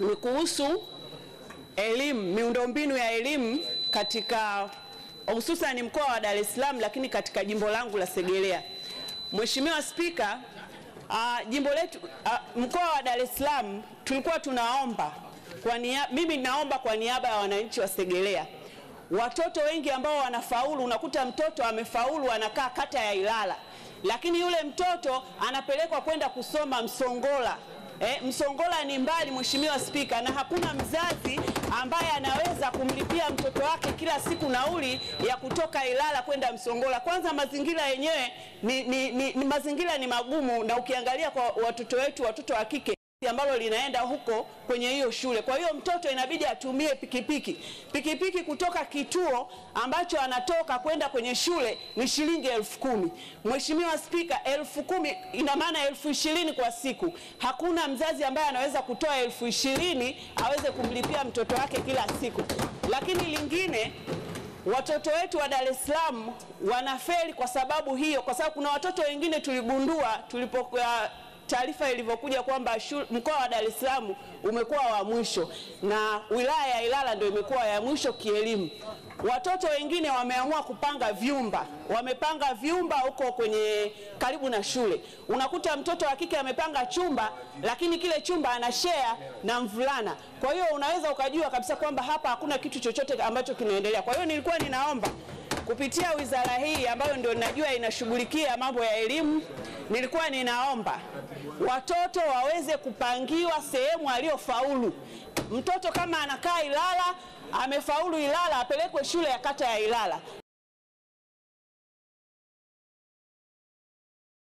ni kuhusu elimu, miundombinu ya elimu katika hususan ni mkoa wa Dar es Salaam, lakini katika jimbo langu la Segerea. Mheshimiwa Spika, uh, jimbo letu uh, mkoa wa Dar es Salaam tulikuwa tunaomba kwa niya, mimi naomba kwa niaba ya wananchi wa Segerea, watoto wengi ambao wanafaulu, unakuta mtoto amefaulu anakaa kata ya Ilala, lakini yule mtoto anapelekwa kwenda kusoma Msongola Eh, Msongola ni mbali, Mheshimiwa Spika, na hakuna mzazi ambaye anaweza kumlipia mtoto wake kila siku nauli ya kutoka Ilala kwenda Msongola. Kwanza mazingira yenyewe ni, ni, ni, ni mazingira ni magumu, na ukiangalia kwa watoto wetu, watoto wa kike ambalo linaenda huko kwenye hiyo shule. Kwa hiyo mtoto inabidi atumie pikipiki. Pikipiki kutoka kituo ambacho anatoka kwenda kwenye shule ni shilingi elfu kumi. Mheshimiwa Spika, elfu kumi ina maana elfu ishirini kwa siku. Hakuna mzazi ambaye anaweza kutoa elfu ishirini aweze kumlipia mtoto wake kila siku. Lakini lingine watoto wetu wa Dar es Salaam wanafeli kwa sababu hiyo, kwa sababu kuna watoto wengine tuligundua tulipokuwa uh, taarifa ilivyokuja kwamba mkoa wa Dar es Salaam umekuwa wa mwisho na wilaya ya Ilala ndio imekuwa ya mwisho kielimu. Watoto wengine wameamua kupanga vyumba, wamepanga vyumba huko kwenye karibu na shule. Unakuta mtoto wa kike amepanga chumba, lakini kile chumba ana share na mvulana. Kwa hiyo unaweza ukajua kabisa kwamba hapa hakuna kitu chochote ambacho kinaendelea. Kwa hiyo nilikuwa ninaomba kupitia wizara hii ambayo ndio najua inashughulikia mambo ya elimu, nilikuwa ninaomba watoto waweze kupangiwa sehemu aliyofaulu. Mtoto kama anakaa Ilala amefaulu Ilala, apelekwe shule ya kata ya Ilala.